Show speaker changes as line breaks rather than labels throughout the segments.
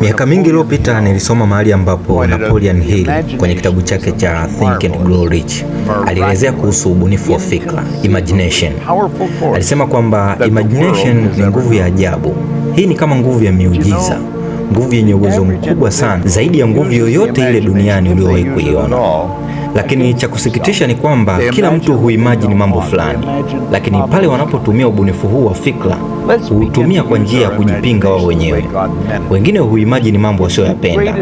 Miaka mingi iliyopita nilisoma mahali ambapo Napoleon Hill kwenye kitabu chake cha Think and Grow Rich alielezea kuhusu ubunifu wa fikra, imagination. Alisema kwamba imagination ni nguvu ya ajabu. Hii ni kama nguvu ya miujiza, nguvu yenye uwezo mkubwa sana zaidi ya nguvu yoyote ile duniani uliyowahi kuiona. Lakini cha kusikitisha ni kwamba kila mtu huimajini mambo fulani, lakini pale wanapotumia ubunifu huu wa fikra huutumia kwa njia ya kujipinga wao wenyewe. Wengine huimajini mambo wasioyapenda,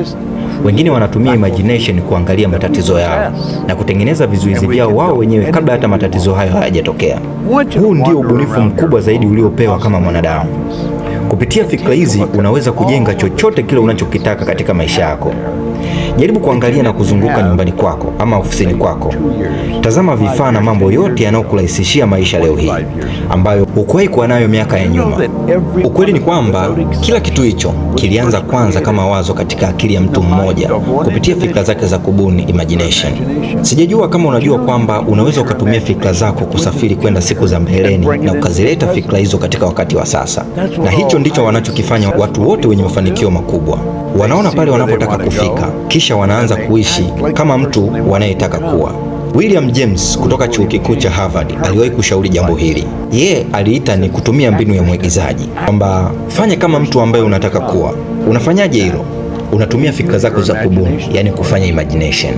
wengine wanatumia imagination kuangalia matatizo yao na kutengeneza vizuizi vyao wao wenyewe kabla hata matatizo hayo hayajatokea. Huu ndio ubunifu mkubwa zaidi uliopewa kama mwanadamu. Kupitia fikra hizi unaweza kujenga chochote kile unachokitaka katika maisha yako. Jaribu kuangalia na kuzunguka nyumbani kwako ama ofisini kwako, tazama vifaa na mambo yote yanayokurahisishia maisha leo hii ambayo hukuwahi kuwa nayo miaka ya nyuma. Ukweli ni kwamba kila kitu hicho kilianza kwanza kama wazo katika akili ya mtu mmoja kupitia fikra zake za kubuni, imagination. Sijajua kama unajua kwamba unaweza ukatumia fikra zako kusafiri kwenda siku za mbeleni na ukazileta fikra hizo katika wakati wa sasa, na hicho ndicho wanachokifanya watu wote wenye mafanikio makubwa. Wanaona pale wanapotaka kufika kisha kisha wanaanza kuishi kama mtu wanayetaka kuwa. William James kutoka chuo kikuu cha Harvard aliwahi kushauri jambo hili. Yeye aliita ni kutumia mbinu ya mwigizaji, kwamba fanya kama mtu ambaye unataka kuwa. Unafanyaje hilo? Unatumia fikra zako za kubuni, yani kufanya imagination.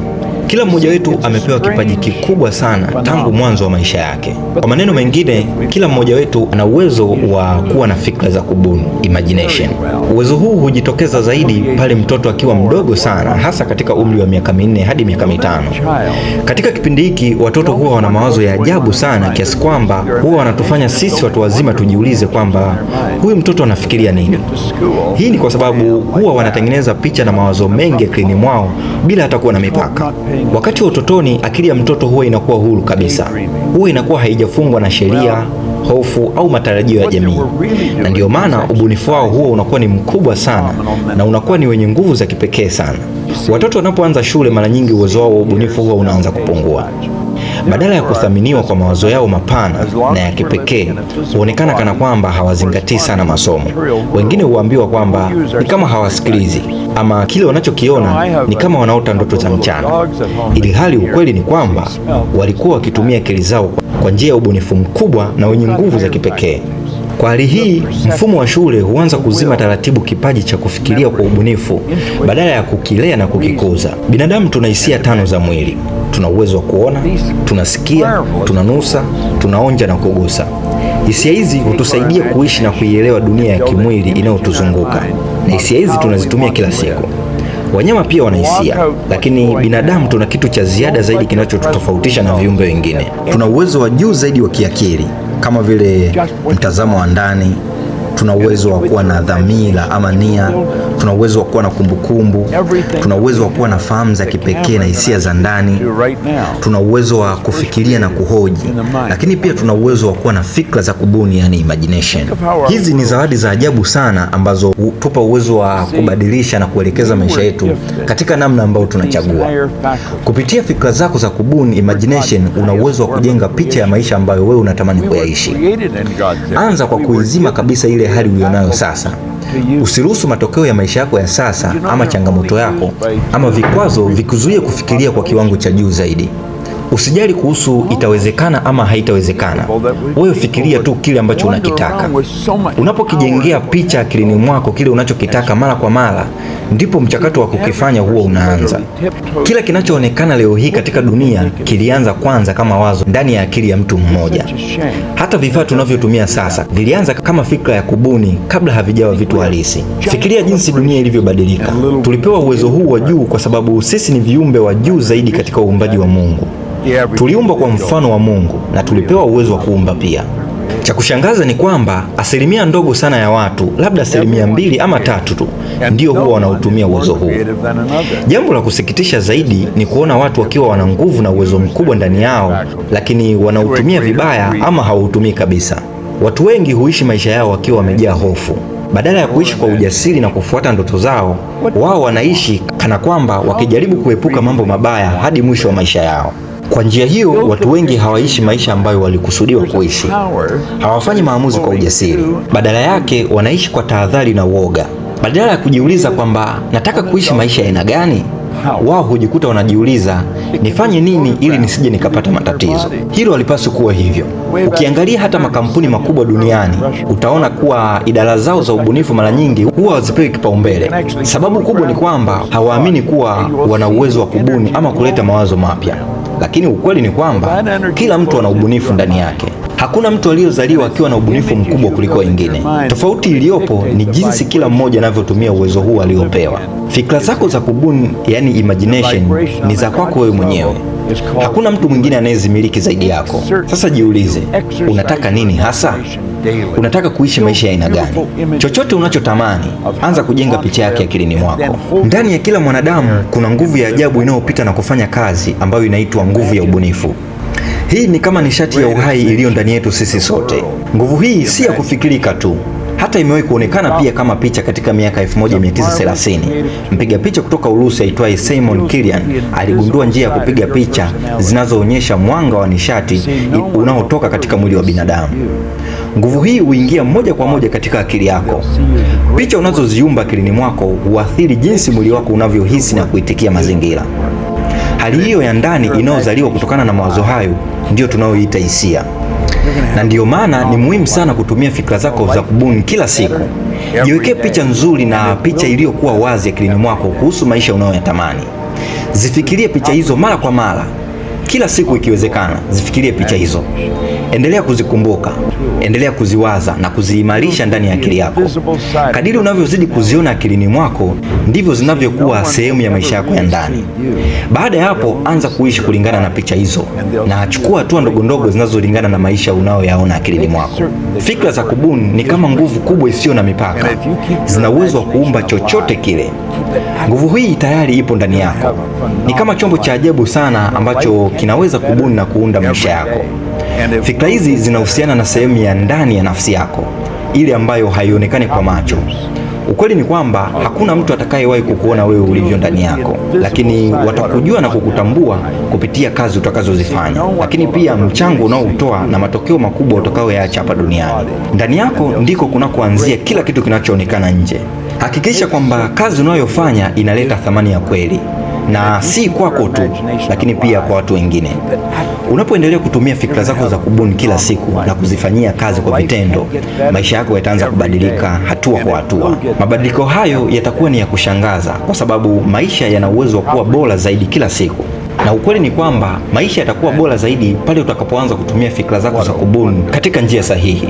Kila mmoja wetu amepewa kipaji kikubwa sana tangu mwanzo wa maisha yake. Kwa maneno mengine, kila mmoja wetu ana uwezo wa kuwa na fikra za kubuni, imagination. Uwezo huu hujitokeza zaidi pale mtoto akiwa mdogo sana, hasa katika umri wa miaka minne hadi miaka mitano. Katika kipindi hiki watoto huwa wana mawazo ya ajabu sana kiasi kwamba huwa wanatufanya sisi watu wazima tujiulize kwamba huyu mtoto anafikiria nini. Hii ni kwa sababu huwa wanatengeneza picha na mawazo mengi akilini mwao bila hata kuwa na mipaka. Wakati wa utotoni, akili ya mtoto huwa inakuwa huru kabisa, huwa inakuwa haijafungwa na sheria, hofu au matarajio ya jamii, na ndiyo maana ubunifu wao huwa unakuwa ni mkubwa sana na unakuwa ni wenye nguvu za kipekee sana. Watoto wanapoanza shule, mara nyingi uwezo wao wa ubunifu huwa unaanza kupungua badala ya kuthaminiwa kwa mawazo yao mapana na ya kipekee, huonekana kana kwamba hawazingatii sana masomo. Wengine huambiwa kwamba ni kama hawasikilizi ama kile wanachokiona ni kama wanaota ndoto za mchana, ili hali ukweli ni kwamba walikuwa wakitumia akili zao kwa njia ya ubunifu mkubwa na wenye nguvu za kipekee. Kwa hali hii, mfumo wa shule huanza kuzima taratibu kipaji cha kufikiria kwa ubunifu badala ya kukilea na kukikuza. Binadamu tuna hisia tano za mwili tuna uwezo wa kuona, tunasikia, tunanusa, tunaonja na kugusa. Hisia hizi hutusaidia kuishi na kuielewa dunia ya kimwili inayotuzunguka, na hisia hizi tunazitumia kila siku. Wanyama pia wana hisia, lakini binadamu tuna kitu cha ziada zaidi kinachotutofautisha na viumbe wengine. Tuna uwezo wa juu zaidi wa kiakili, kama vile mtazamo wa ndani tuna uwezo wa kuwa na dhamira ama nia, tuna uwezo wa kuwa na kumbukumbu, tuna uwezo wa kuwa na fahamu za kipekee na hisia za ndani, tuna uwezo wa kufikiria na kuhoji, lakini pia tuna uwezo wa kuwa na fikra za kubuni, yani imagination. Hizi ni zawadi za ajabu sana ambazo tupa uwezo wa kubadilisha na kuelekeza maisha yetu katika namna ambayo tunachagua. Kupitia fikra zako za kubuni, imagination, una uwezo wa kujenga picha ya maisha ambayo wewe unatamani kuyaishi. Anza kwa kuizima kabisa ile ile hali ulionayo sasa. Usiruhusu matokeo ya maisha yako ya sasa ama changamoto yako ama vikwazo vikuzuie kufikiria kwa kiwango cha juu zaidi. Usijali kuhusu itawezekana ama haitawezekana, wewe fikiria tu kile ambacho unakitaka. Unapokijengea picha akilini mwako kile unachokitaka mara kwa mara, ndipo mchakato wa kukifanya huo unaanza. Kila kinachoonekana leo hii katika dunia kilianza kwanza kama wazo ndani ya akili ya mtu mmoja. Hata vifaa tunavyotumia sasa vilianza kama fikra ya kubuni kabla havijawa vitu halisi. Fikiria jinsi dunia ilivyobadilika. Tulipewa uwezo huu wa juu kwa sababu sisi ni viumbe wa juu zaidi katika uumbaji wa Mungu. Tuliumbwa kwa mfano wa Mungu na tulipewa uwezo wa kuumba pia. Cha kushangaza ni kwamba asilimia ndogo sana ya watu, labda asilimia mbili ama tatu tu, ndio huwa wanautumia uwezo huu. Jambo la kusikitisha zaidi ni kuona watu wakiwa wana nguvu na uwezo mkubwa ndani yao, lakini wanautumia vibaya ama hautumii kabisa. Watu wengi huishi maisha yao wakiwa wamejaa hofu badala ya kuishi kwa ujasiri na kufuata ndoto zao, wao wanaishi kana kwamba wakijaribu kuepuka mambo mabaya hadi mwisho wa maisha yao. Kwa njia hiyo, watu wengi hawaishi maisha ambayo walikusudiwa kuishi. Hawafanyi maamuzi kwa ujasiri, badala yake wanaishi kwa tahadhari na uoga. Badala ya kujiuliza kwamba nataka kuishi maisha ya aina gani, wao hujikuta wanajiuliza nifanye nini ili nisije nikapata matatizo. Hilo halipaswi kuwa hivyo. Ukiangalia hata makampuni makubwa duniani, utaona kuwa idara zao za ubunifu mara nyingi huwa hazipewi kipaumbele. Sababu kubwa ni kwamba hawaamini kuwa wana uwezo wa kubuni ama kuleta mawazo mapya lakini ukweli ni kwamba kila mtu ana ubunifu ndani yake. Hakuna mtu aliyozaliwa akiwa na ubunifu mkubwa kuliko wengine. Tofauti iliyopo ni jinsi kila mmoja anavyotumia uwezo huu aliopewa. Fikra zako za kubuni, yani imagination, ni za kwako wewe mwenyewe. Hakuna mtu mwingine anayezimiliki zaidi yako. Sasa jiulize, unataka nini hasa? Unataka kuishi maisha ya aina gani? Chochote unachotamani, anza kujenga picha yake akilini mwako. Ndani ya kila mwanadamu kuna nguvu ya ajabu inayopita na kufanya kazi ambayo inaitwa nguvu ya ubunifu. Hii ni kama nishati ya uhai iliyo ndani yetu sisi sote. Nguvu hii si ya kufikirika tu hata imewahi kuonekana pia kama picha katika miaka 1930. Mpiga picha kutoka Urusi aitwaye Simon Kilian aligundua njia ya kupiga picha zinazoonyesha mwanga wa nishati unaotoka katika mwili wa binadamu. Nguvu hii huingia moja kwa moja katika akili yako. Picha unazoziumba akilini mwako huathiri jinsi mwili wako unavyohisi na kuitikia mazingira. Hali hiyo ya ndani inayozaliwa kutokana na mawazo hayo ndiyo tunayoita hisia, na ndiyo maana ni muhimu sana kutumia fikra zako za kubuni kila siku. Jiwekee picha nzuri na picha iliyokuwa wazi akilini mwako kuhusu maisha unayoyatamani. Zifikirie picha hizo mara kwa mara, kila siku ikiwezekana, zifikirie picha hizo. Endelea kuzikumbuka, endelea kuziwaza na kuziimarisha ndani ya akili yako. Kadiri unavyozidi kuziona akilini mwako, ndivyo zinavyokuwa sehemu ya maisha yako ya ndani. Baada ya hapo, anza kuishi kulingana na picha hizo na achukua hatua ndogondogo zinazolingana na maisha unayoyaona akilini mwako. Fikra za kubuni ni kama nguvu kubwa isiyo na mipaka, zina uwezo wa kuumba chochote kile. Nguvu hii tayari ipo ndani yako, ni kama chombo cha ajabu sana ambacho kinaweza kubuni na kuunda maisha yako. Fikra na hizi zinahusiana na sehemu ya ndani ya nafsi yako, ile ambayo haionekani kwa macho. Ukweli ni kwamba hakuna mtu atakayewahi kukuona wewe ulivyo ndani yako, lakini watakujua na kukutambua kupitia kazi utakazozifanya, lakini pia mchango unaoutoa na matokeo makubwa utakayoyaacha hapa duniani. Ndani yako ndiko kunakoanzia kila kitu kinachoonekana nje. Hakikisha kwamba kazi unayofanya inaleta thamani ya kweli na si kwako tu, lakini pia kwa watu wengine. Unapoendelea kutumia fikra zako za kubuni kila siku na kuzifanyia kazi kwa vitendo, maisha yako yataanza kubadilika hatua kwa hatua. Mabadiliko hayo yatakuwa ni ya kushangaza, kwa sababu maisha yana uwezo wa kuwa bora zaidi kila siku na ukweli ni kwamba maisha yatakuwa bora zaidi pale utakapoanza kutumia fikra zako za kubuni katika njia sahihi.